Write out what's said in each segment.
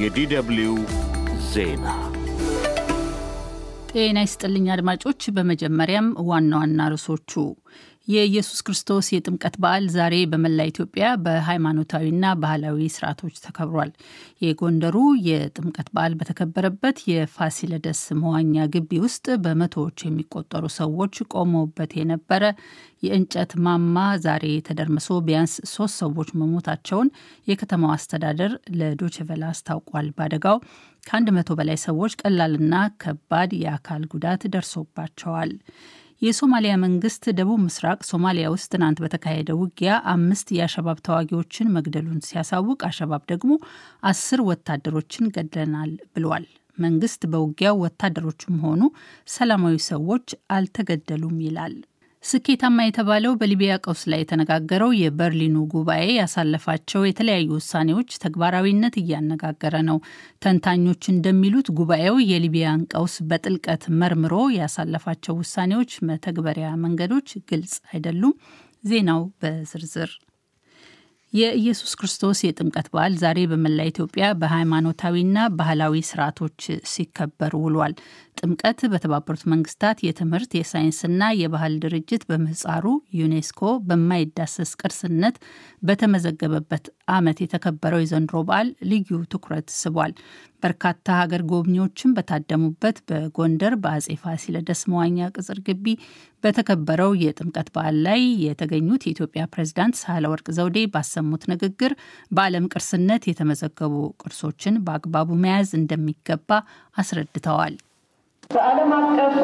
የዲደብሊው ዜና ጤና ይስጥልኝ አድማጮች። በመጀመሪያም ዋና ዋና ርዕሶቹ የኢየሱስ ክርስቶስ የጥምቀት በዓል ዛሬ በመላ ኢትዮጵያ በሃይማኖታዊና ባህላዊ ስርዓቶች ተከብሯል። የጎንደሩ የጥምቀት በዓል በተከበረበት የፋሲለደስ መዋኛ ግቢ ውስጥ በመቶዎች የሚቆጠሩ ሰዎች ቆመውበት የነበረ የእንጨት ማማ ዛሬ ተደርምሶ ቢያንስ ሶስት ሰዎች መሞታቸውን የከተማው አስተዳደር ለዶችቨላ አስታውቋል። በአደጋው ከአንድ መቶ በላይ ሰዎች ቀላልና ከባድ የአካል ጉዳት ደርሶባቸዋል። የሶማሊያ መንግስት ደቡብ ምስራቅ ሶማሊያ ውስጥ ትናንት በተካሄደ ውጊያ አምስት የአሸባብ ተዋጊዎችን መግደሉን ሲያሳውቅ አሸባብ ደግሞ አስር ወታደሮችን ገድለናል ብሏል። መንግስት በውጊያው ወታደሮችም ሆኑ ሰላማዊ ሰዎች አልተገደሉም ይላል። ስኬታማ የተባለው በሊቢያ ቀውስ ላይ የተነጋገረው የበርሊኑ ጉባኤ ያሳለፋቸው የተለያዩ ውሳኔዎች ተግባራዊነት እያነጋገረ ነው። ተንታኞች እንደሚሉት ጉባኤው የሊቢያን ቀውስ በጥልቀት መርምሮ ያሳለፋቸው ውሳኔዎች መተግበሪያ መንገዶች ግልጽ አይደሉም። ዜናው በዝርዝር የኢየሱስ ክርስቶስ የጥምቀት በዓል ዛሬ በመላ ኢትዮጵያ በሃይማኖታዊና ባህላዊ ስርዓቶች ሲከበር ውሏል። ጥምቀት በተባበሩት መንግስታት የትምህርት የሳይንስና የባህል ድርጅት በምህፃሩ ዩኔስኮ በማይዳሰስ ቅርስነት በተመዘገበበት ዓመት የተከበረው የዘንድሮ በዓል ልዩ ትኩረት ስቧል። በርካታ ሀገር ጎብኚዎችም በታደሙበት በጎንደር በአጼ ፋሲለደስ መዋኛ ቅጽር ግቢ በተከበረው የጥምቀት በዓል ላይ የተገኙት የኢትዮጵያ ፕሬዝዳንት ሳህለወርቅ ዘውዴ ባሰሙት ንግግር በዓለም ቅርስነት የተመዘገቡ ቅርሶችን በአግባቡ መያዝ እንደሚገባ አስረድተዋል። በዓለም አቀፍ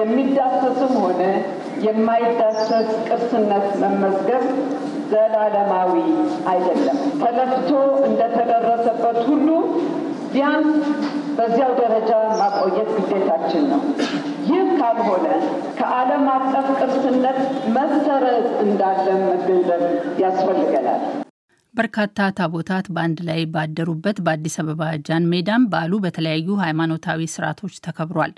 የሚዳሰስም ሆነ የማይዳሰስ ቅርስነት መመዝገብ ዘላለማዊ አይደለም። ተለፍቶ እንደተደረሰበት ሁሉ ቢያንስ በዚያው ደረጃ ማቆየት ግዴታችን ነው። ይህ ካልሆነ ከዓለም አቀፍ ቅርስነት መሰረዝ እንዳለ መገንዘብ ያስፈልገናል። በርካታ ታቦታት በአንድ ላይ ባደሩበት በአዲስ አበባ ጃን ሜዳም በዓሉ በተለያዩ ሃይማኖታዊ ስርዓቶች ተከብሯል።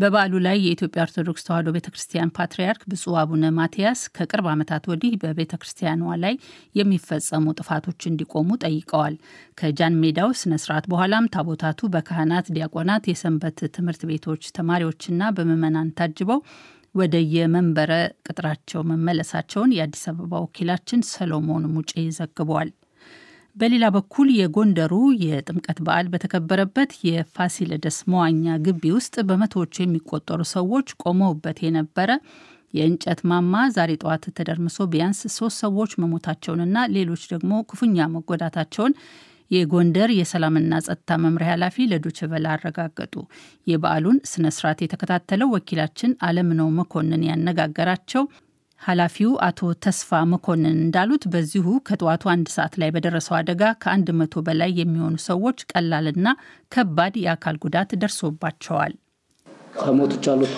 በበዓሉ ላይ የኢትዮጵያ ኦርቶዶክስ ተዋሕዶ ቤተ ክርስቲያን ፓትርያርክ ብፁዕ አቡነ ማትያስ ከቅርብ ዓመታት ወዲህ በቤተ ክርስቲያኗ ላይ የሚፈጸሙ ጥፋቶች እንዲቆሙ ጠይቀዋል። ከጃን ሜዳው ስነ ስርዓት በኋላም ታቦታቱ በካህናት፣ ዲያቆናት፣ የሰንበት ትምህርት ቤቶች ተማሪዎችና በምዕመናን ታጅበው ወደየመንበረ ቅጥራቸው መመለሳቸውን የአዲስ አበባ ወኪላችን ሰሎሞን ሙጬ ዘግቧል። በሌላ በኩል የጎንደሩ የጥምቀት በዓል በተከበረበት የፋሲለደስ መዋኛ ግቢ ውስጥ በመቶዎች የሚቆጠሩ ሰዎች ቆመውበት የነበረ የእንጨት ማማ ዛሬ ጠዋት ተደርምሶ ቢያንስ ሶስት ሰዎች መሞታቸውንና ሌሎች ደግሞ ክፉኛ መጎዳታቸውን የጎንደር የሰላምና ጸጥታ መምሪያ ኃላፊ ለዶችቨላ አረጋገጡ። የበዓሉን ስነ ስርዓት የተከታተለው ወኪላችን አለምነው መኮንን ያነጋገራቸው ኃላፊው አቶ ተስፋ መኮንን እንዳሉት በዚሁ ከጠዋቱ አንድ ሰዓት ላይ በደረሰው አደጋ ከአንድ መቶ በላይ የሚሆኑ ሰዎች ቀላልና ከባድ የአካል ጉዳት ደርሶባቸዋል። ከሞቶች አሉት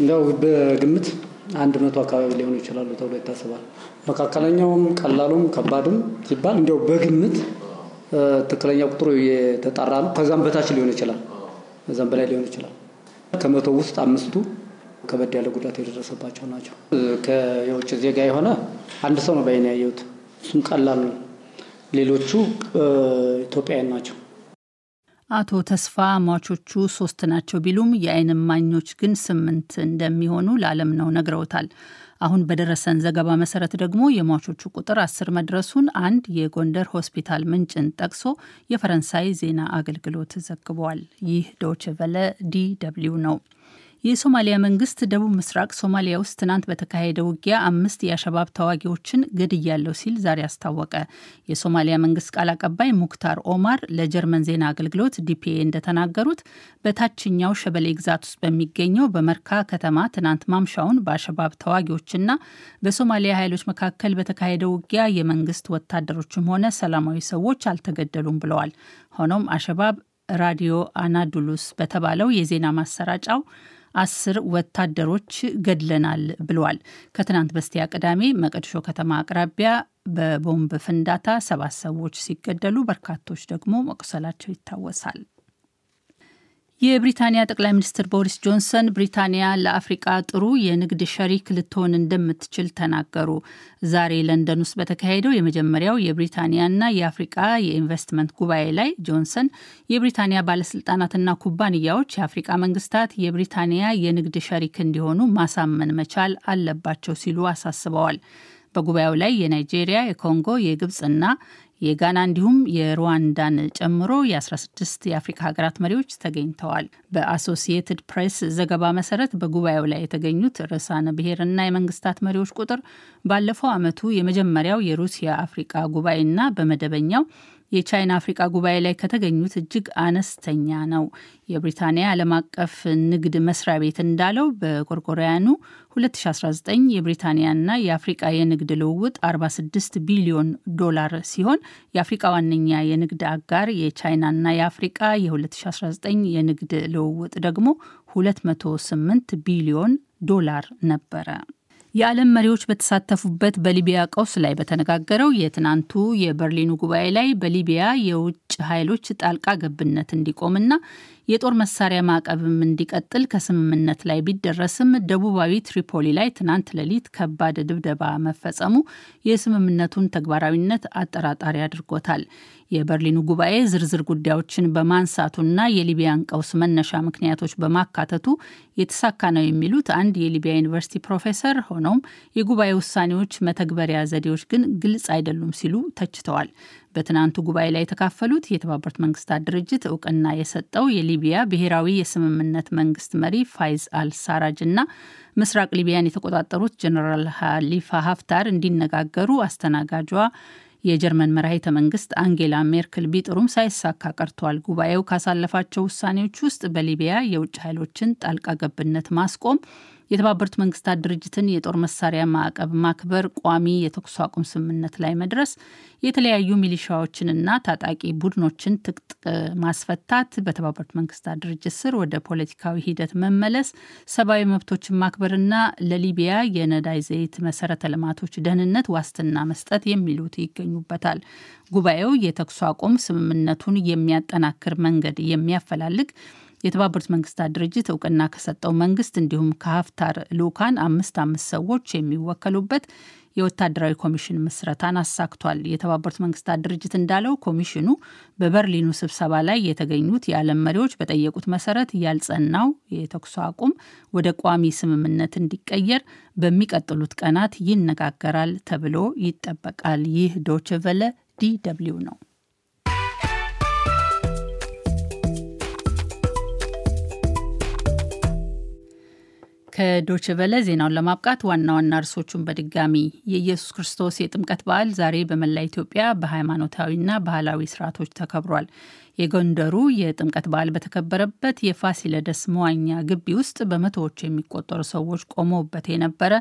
እንዲያው በግምት አንድ መቶ አካባቢ ሊሆኑ ይችላሉ ተብሎ ይታሰባል። መካከለኛውም ቀላሉም ከባድም ሲባል እንዲያው በግምት ትክክለኛ ቁጥሩ የተጣራ ነው። ከዛም በታች ሊሆን ይችላል፣ ከዛም በላይ ሊሆን ይችላል። ከመቶ ውስጥ አምስቱ ከበድ ያለ ጉዳት የደረሰባቸው ናቸው። የውጭ ዜጋ የሆነ አንድ ሰው ነው በይን ያየሁት፣ እሱም ቀላል ነው። ሌሎቹ ኢትዮጵያውያን ናቸው። አቶ ተስፋ ሟቾቹ ሶስት ናቸው ቢሉም የአይን እማኞች ግን ስምንት እንደሚሆኑ ለዓለም ነው ነግረውታል። አሁን በደረሰን ዘገባ መሰረት ደግሞ የሟቾቹ ቁጥር አስር መድረሱን አንድ የጎንደር ሆስፒታል ምንጭን ጠቅሶ የፈረንሳይ ዜና አገልግሎት ዘግቧል። ይህ ዶችቨለ ዲ ደብልዩ ነው። የሶማሊያ መንግስት ደቡብ ምስራቅ ሶማሊያ ውስጥ ትናንት በተካሄደ ውጊያ አምስት የአሸባብ ተዋጊዎችን ገድያለሁ ሲል ዛሬ አስታወቀ። የሶማሊያ መንግስት ቃል አቀባይ ሙክታር ኦማር ለጀርመን ዜና አገልግሎት ዲፒኤ እንደተናገሩት በታችኛው ሸበሌ ግዛት ውስጥ በሚገኘው በመርካ ከተማ ትናንት ማምሻውን በአሸባብ ተዋጊዎችና በሶማሊያ ኃይሎች መካከል በተካሄደ ውጊያ የመንግስት ወታደሮችም ሆነ ሰላማዊ ሰዎች አልተገደሉም ብለዋል። ሆኖም አሸባብ ራዲዮ አናዱሉስ በተባለው የዜና ማሰራጫው አስር ወታደሮች ገድለናል ብለዋል። ከትናንት በስቲያ ቅዳሜ መቀድሾ ከተማ አቅራቢያ በቦምብ ፍንዳታ ሰባት ሰዎች ሲገደሉ በርካቶች ደግሞ መቁሰላቸው ይታወሳል። የብሪታንያ ጠቅላይ ሚኒስትር ቦሪስ ጆንሰን ብሪታንያ ለአፍሪቃ ጥሩ የንግድ ሸሪክ ልትሆን እንደምትችል ተናገሩ። ዛሬ ለንደን ውስጥ በተካሄደው የመጀመሪያው የብሪታንያና የአፍሪቃ የኢንቨስትመንት ጉባኤ ላይ ጆንሰን የብሪታንያ ባለስልጣናትና ኩባንያዎች የአፍሪቃ መንግስታት የብሪታንያ የንግድ ሸሪክ እንዲሆኑ ማሳመን መቻል አለባቸው ሲሉ አሳስበዋል። በጉባኤው ላይ የናይጄሪያ፣ የኮንጎ፣ የግብፅና የጋና እንዲሁም የሩዋንዳን ጨምሮ የ16 የአፍሪካ ሀገራት መሪዎች ተገኝተዋል። በአሶሲየትድ ፕሬስ ዘገባ መሰረት በጉባኤው ላይ የተገኙት ርዕሳነ ብሔርና የመንግስታት መሪዎች ቁጥር ባለፈው ዓመቱ የመጀመሪያው የሩሲያ አፍሪካ ጉባኤና በመደበኛው የቻይና አፍሪቃ ጉባኤ ላይ ከተገኙት እጅግ አነስተኛ ነው። የብሪታንያ ዓለም አቀፍ ንግድ መስሪያ ቤት እንዳለው በጎርጎሪያኑ 2019 የብሪታንያና የአፍሪቃ የንግድ ልውውጥ 46 ቢሊዮን ዶላር ሲሆን የአፍሪቃ ዋነኛ የንግድ አጋር የቻይናና የአፍሪቃ የ2019 የንግድ ልውውጥ ደግሞ 208 ቢሊዮን ዶላር ነበረ። የዓለም መሪዎች በተሳተፉበት በሊቢያ ቀውስ ላይ በተነጋገረው የትናንቱ የበርሊኑ ጉባኤ ላይ በሊቢያ የውጭ ኃይሎች ጣልቃ ገብነት እንዲቆምና የጦር መሳሪያ ማዕቀብም እንዲቀጥል ከስምምነት ላይ ቢደረስም ደቡባዊ ትሪፖሊ ላይ ትናንት ሌሊት ከባድ ድብደባ መፈጸሙ የስምምነቱን ተግባራዊነት አጠራጣሪ አድርጎታል። የበርሊኑ ጉባኤ ዝርዝር ጉዳዮችን በማንሳቱና የሊቢያን ቀውስ መነሻ ምክንያቶች በማካተቱ የተሳካ ነው የሚሉት አንድ የሊቢያ ዩኒቨርሲቲ ፕሮፌሰር፣ ሆኖም የጉባኤ ውሳኔዎች መተግበሪያ ዘዴዎች ግን ግልጽ አይደሉም ሲሉ ተችተዋል። በትናንቱ ጉባኤ ላይ የተካፈሉት የተባበሩት መንግስታት ድርጅት እውቅና የሰጠው የሊ የሊቢያ ብሔራዊ የስምምነት መንግስት መሪ ፋይዝ አልሳራጅ እና ምስራቅ ሊቢያን የተቆጣጠሩት ጀነራል ሀሊፋ ሀፍታር እንዲነጋገሩ አስተናጋጇ የጀርመን መራሄተ መንግስት አንጌላ ሜርክል ቢጥሩም ሳይሳካ ቀርቷል። ጉባኤው ካሳለፋቸው ውሳኔዎች ውስጥ በሊቢያ የውጭ ኃይሎችን ጣልቃ ገብነት ማስቆም የተባበሩት መንግስታት ድርጅትን የጦር መሳሪያ ማዕቀብ ማክበር፣ ቋሚ የተኩስ አቁም ስምምነት ላይ መድረስ፣ የተለያዩ ሚሊሻዎችንና ታጣቂ ቡድኖችን ትጥቅ ማስፈታት፣ በተባበሩት መንግስታት ድርጅት ስር ወደ ፖለቲካዊ ሂደት መመለስ፣ ሰብአዊ መብቶችን ማክበርና ለሊቢያ የነዳጅ ዘይት መሰረተ ልማቶች ደህንነት ዋስትና መስጠት የሚሉት ይገኙበታል። ጉባኤው የተኩስ አቁም ስምምነቱን የሚያጠናክር መንገድ የሚያፈላልግ የተባበሩት መንግስታት ድርጅት እውቅና ከሰጠው መንግስት እንዲሁም ከሀፍታር ልኡካን አምስት አምስት ሰዎች የሚወከሉበት የወታደራዊ ኮሚሽን ምስረታን አሳክቷል። የተባበሩት መንግስታት ድርጅት እንዳለው ኮሚሽኑ በበርሊኑ ስብሰባ ላይ የተገኙት የዓለም መሪዎች በጠየቁት መሰረት ያልጸናው የተኩስ አቁም ወደ ቋሚ ስምምነት እንዲቀየር በሚቀጥሉት ቀናት ይነጋገራል ተብሎ ይጠበቃል። ይህ ዶችቨለ ዲ ደብልዩ ነው። ከዶች ዜናውን ለማብቃት ዋና ዋና እርሶቹን በድጋሚ የኢየሱስ ክርስቶስ የጥምቀት በዓል ዛሬ በመላ ኢትዮጵያ በሃይማኖታዊና ባህላዊ ስርዓቶች ተከብሯል። የጎንደሩ የጥምቀት በዓል በተከበረበት የፋሲለደስ መዋኛ ግቢ ውስጥ በመቶዎች የሚቆጠሩ ሰዎች ቆመውበት የነበረ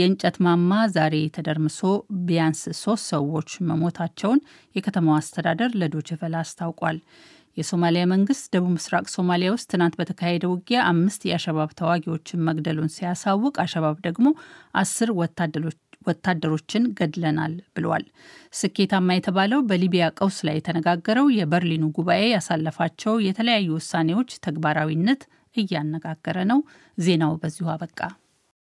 የእንጨት ማማ ዛሬ ተደርምሶ ቢያንስ ሶስት ሰዎች መሞታቸውን የከተማው አስተዳደር ለዶች አስታውቋል። የሶማሊያ መንግስት ደቡብ ምስራቅ ሶማሊያ ውስጥ ትናንት በተካሄደ ውጊያ አምስት የአሸባብ ተዋጊዎችን መግደሉን ሲያሳውቅ አሸባብ ደግሞ አስር ወታደሮች ወታደሮችን ገድለናል ብሏል። ስኬታማ የተባለው በሊቢያ ቀውስ ላይ የተነጋገረው የበርሊኑ ጉባኤ ያሳለፋቸው የተለያዩ ውሳኔዎች ተግባራዊነት እያነጋገረ ነው። ዜናው በዚሁ አበቃ።